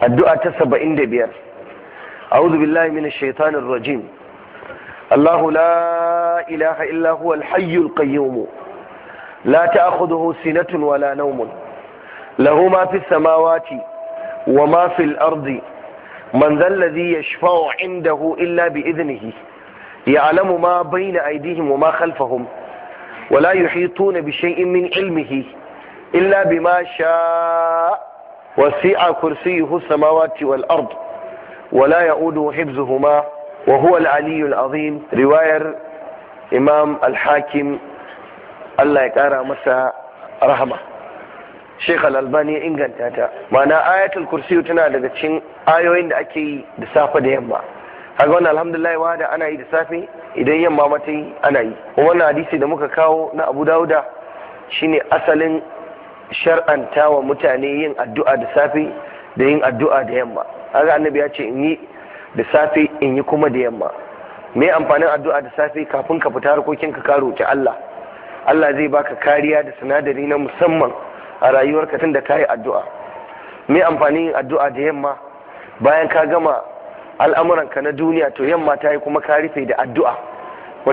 addu'a ta saba'in da biyar a'udhu billahi minash shaitanir rajim Allahu la ilaha illa huwa al-hayyul qayyum la ta'khudhuhu sinatun wala nawmun lahu ma fis samawati wa ma fil ardi man dhal ladhi yashfa'u 'indahu illa bi idhnihi ya'lamu ma bayna aydihim wa ma khalfahum ولا يحيطون بشيء من علمه إلا بما شاء وسع كرسيه السماوات والأرض ولا يؤوده حفظهما وهو العلي العظيم رواية إمام الحاكم الله ya kara masa Sheikh Al-Albani ya inganta ta ma'ana ayatul kursi tana daga cikin ayoyin da ake yi da safe da yamma Haga wannan alhamdulillah wa da ana yi da safe idan yamma mata yi ana yi kuma wannan hadisi da muka kawo na Abu Dawuda shine asalin shar'anta wa mutane yin addu'a da safe da yin addu'a da yamma ga annabi ya ce in yi da safe in yi kuma da yamma me amfanin addu'a da safe kafin ka fita harkokin ka roki Allah Allah zai baka kariya da sinadari na musamman a rayuwarka tun da kayi addu'a me amfanin yin addu'a da yamma bayan ka gama al'amuranka na duniya to yamma ta yi kuma ka rufe da addu'a